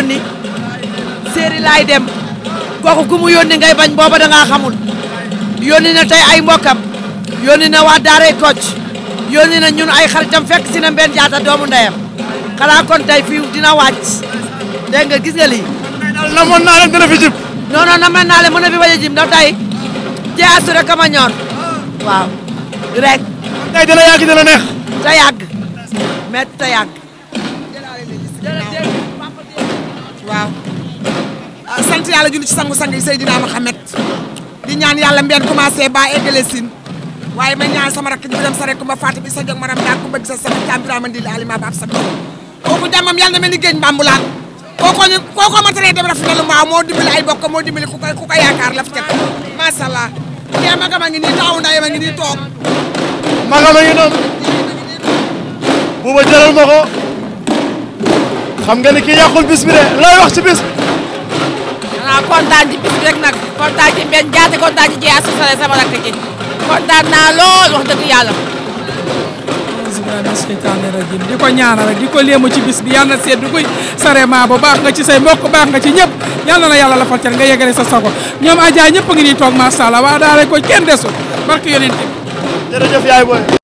yónni séeri laay dem kooku ku mu yónni ngay bañ booba da xamul yónni na tey ay mbokkam yónni na waa daaray Kocc yónni na ñun ay xaritam fekk si na mbenn jaata doomu ndeyam xanaa kon tey dina wàcc dégg nga gis nga lii. na mën naa leen dina fi jib. non na mën naa leen mën fi bañ a jib ndax jee assuré kama ñor waaw rek. tey dina yàgg dina neex. te yàgg mais waaw ah, sant yàlla julli ci sangu-sang yi Seydina Mohamed di ñaan yàlla mbeen commencé ba eggale sin waaye ma ñaan sama rakk biram sa rek ma Fatou bi sa jog maram daa ko bëgg sa sama caam birama ndil alima ba ab sa kooku jàmmam yàlla na mel ni géej mbambulaan kooko ñu kooko matériel dem rafet na lu waaw moo dimbali ay bokk moo dimbali ku koy ku koy yaakaar la fi teg macha allah kee a ngi nii taawu ndayam a ngi nii toog magam a ngi noonu buuba jëlal ma xam nga ni ki yàqul bis bi wax ci bis. xanaa kontaan ci bis nag kontaan ci benn jaate kontaan ci a asosale sama rakk ji kontaan naa lool wax dëgg yàlla. bismilaahi seytaane rajim di ko ñaanal rek di ko léemu ci bis bi yàlla na seet du ko sarema ba baax nga ci say mbokk baax nga ci ñëpp yàlla na yàlla la fal nga yegale sa sago ñoom Adja ñëpp ngi nii toog macha allah waa daal ko kenn desul barke yonent yaay booy.